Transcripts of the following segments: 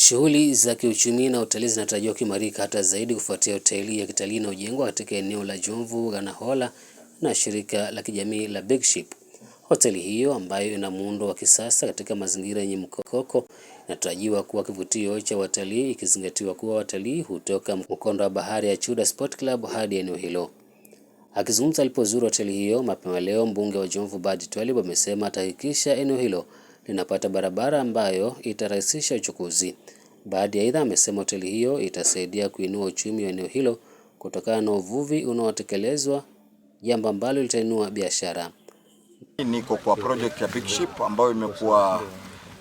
Shughuli za kiuchumi na utalii zinatarajiwa kuimarika hata zaidi kufuatia hoteli ya kitalii inayojengwa katika eneo la Jomvu Ranahola na shirika la kijamii la Big Ship. Hoteli hiyo ambayo ina muundo wa kisasa katika mazingira yenye mkokoko inatarajiwa kuwa kivutio cha watalii ikizingatiwa kuwa watalii hutoka mkondo wa bahari ya Chuda Sport Club hadi eneo hilo. Akizungumza alipozuru hoteli hiyo mapema leo, mbunge wa Jomvu Badi Twalib amesema atahakikisha eneo hilo linapata barabara ambayo itarahisisha uchukuzi. baadhi ya aidha amesema hoteli hiyo itasaidia kuinua uchumi wa eneo hilo kutokana na uvuvi unaotekelezwa, jambo ambalo litainua biashara. Niko kwa project ya Big Ship ambayo imekuwa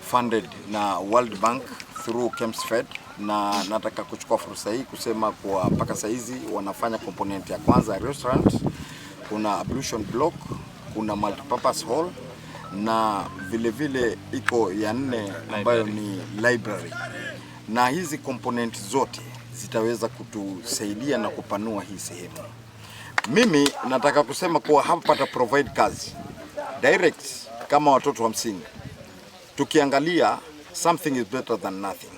funded na World Bank through KEMSFED, na nataka kuchukua fursa hii kusema kwa mpaka hizi wanafanya component ya kwanza restaurant, kuna ablution block, kuna multipurpose hall na vilevile vile iko ya nne ambayo ni library, na hizi komponenti zote zitaweza kutusaidia na kupanua hii sehemu. Mimi nataka kusema kuwa hapa pata provide kazi direct kama watoto hamsini. Tukiangalia something is better than nothing.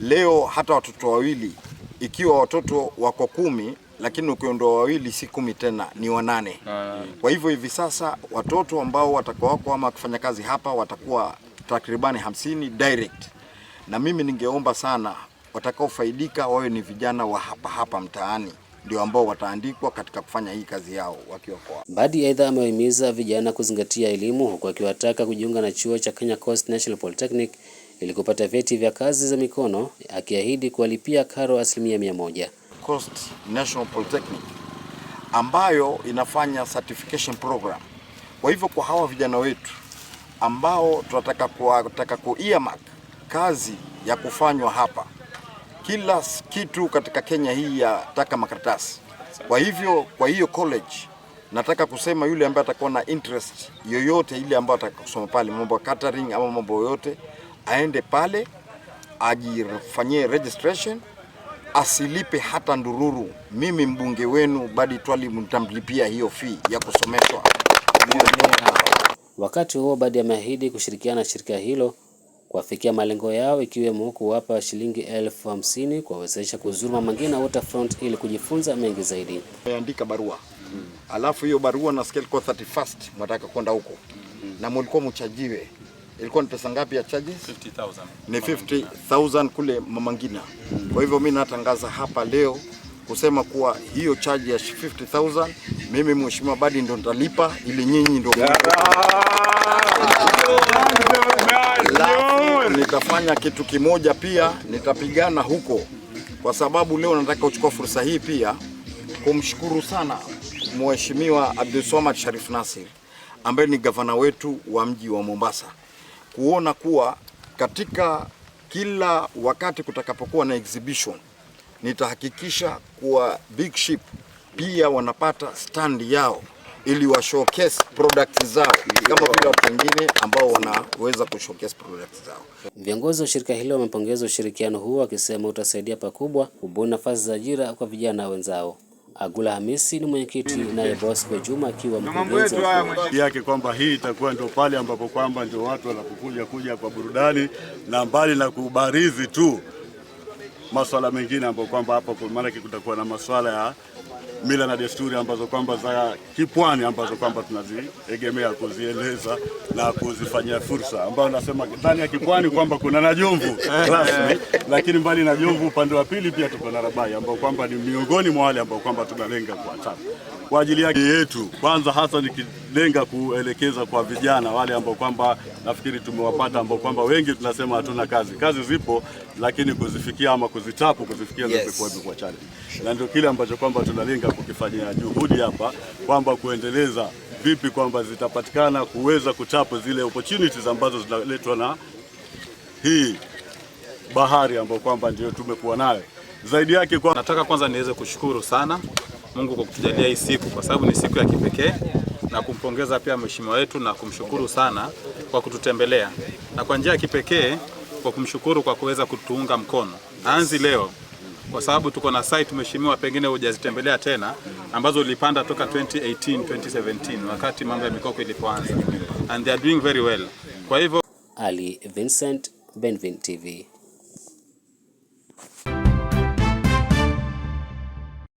Leo hata watoto wawili, ikiwa watoto wako kumi lakini ukiondoa wawili si kumi tena, ni wanane. Ah. Kwa hivyo hivi sasa watoto ambao watakuwa wako ama kufanya kazi hapa watakuwa takribani hamsini direct, na mimi ningeomba sana watakaofaidika wawe ni vijana wa hapa hapa mtaani ndio ambao wataandikwa katika kufanya hii kazi yao wakiwa kwa badi. Aidha, amewahimiza vijana kuzingatia elimu, huku akiwataka kujiunga na chuo cha Kenya Coast National Polytechnic ili kupata vyeti vya kazi za mikono, akiahidi kuwalipia karo asilimia mia moja. Coast National Polytechnic ambayo inafanya certification program. Kwa hivyo kwa hawa vijana wetu ambao tunataka kuwataka ku earmark kazi ya kufanywa hapa, kila kitu katika Kenya hii ya taka makaratasi. Kwa hivyo kwa hiyo college nataka kusema yule ambaye atakuwa na interest yoyote ile ambayo kusoma pale, mambo ya catering ama mambo yoyote, aende pale ajifanyie registration asilipe hata ndururu. Mimi mbunge wenu Badi Twali mtamlipia hiyo fee ya kusomeshwa. Wakati huo Badi ameahidi kushirikiana na shirika hilo kuwafikia malengo yao ikiwemo kuwapa shilingi elfu hamsini kuwawezesha kuzuru Mama Ngina Waterfront ili kujifunza mengi zaidi. Andika barua hmm. Alafu hiyo barua nasikia kwa 31st mwataka kwenda huko hmm. na mulikuwa mchajiwe ilikuwa ni pesa ngapi ya charges? 50,000. Ni 50,000 kule Mamangina. Kwa hivyo mimi natangaza hapa leo kusema kuwa hiyo charge ya 50,000 mimi mheshimiwa Badi ndo nitalipa, ili nyinyi ndo nitafanya kitu kimoja pia, nitapigana huko, kwa sababu leo nataka kuchukua fursa hii pia kumshukuru sana mheshimiwa Abdulswamad Sharif Nasir ambaye ni gavana wetu wa mji wa Mombasa kuona kuwa katika kila wakati kutakapokuwa na exhibition nitahakikisha kuwa Big Ship pia wanapata stand yao ili wa showcase products zao kama vile watu wengine ambao wanaweza showcase products zao. Viongozi wa shirika hilo wamepongeza ushirikiano huo, wakisema utasaidia pakubwa kubuni nafasi za ajira kwa vijana wenzao. Agula Hamisi ni mwenyekiti, naye Bosco Juma akiwa mkurugenzi yake, kwamba hii itakuwa ndio pale ambapo kwamba ndio watu wanapokuja kuja kwa burudani na mbali na kubarizi tu masuala mengine ambayo kwamba hapo, maanake kutakuwa na masuala ya mila na desturi ambazo kwamba za kipwani ambazo kwamba tunaziegemea kuzieleza na kuzifanyia fursa, ambayo nasema ndani ya kipwani kwamba kuna na Jomvu rasmi, lakini mbali na Jomvu upande wa pili pia tuko na Rabai ambao kwamba ni miongoni mwa wale ambao kwamba tunalenga kuwachapa kwa ajili yake yetu kwanza, hasa nikilenga kuelekeza kwa vijana wale ambao kwamba nafikiri tumewapata ambao kwamba wengi tunasema hatuna kazi. Kazi zipo, lakini kuzifikia ama kuzitapu kuzifikia, yes. kwa challenge na ndio kile ambacho kwamba tuna tunalenga kukifanyia juhudi hapa kwamba kuendeleza vipi kwamba zitapatikana kuweza kuchapa zile opportunities ambazo zinaletwa na hii bahari ambayo kwamba ndio tumekuwa nayo zaidi yake kwa... nataka kwanza niweze kushukuru sana Mungu kwa kutujalia hii siku, kwa sababu ni siku ya kipekee na kumpongeza pia mheshimiwa wetu na kumshukuru sana kwa kututembelea na kwa njia ya kipekee kwa kumshukuru kwa kuweza kutuunga mkono anzi leo kwa sababu tuko na site mheshimiwa, pengine hujazitembelea tena, ambazo ulipanda toka 2018 2017, wakati mambo ya mikoko ilipoanza, and they are doing very well. Kwa hivyo, Ali Vincent, Benvin TV.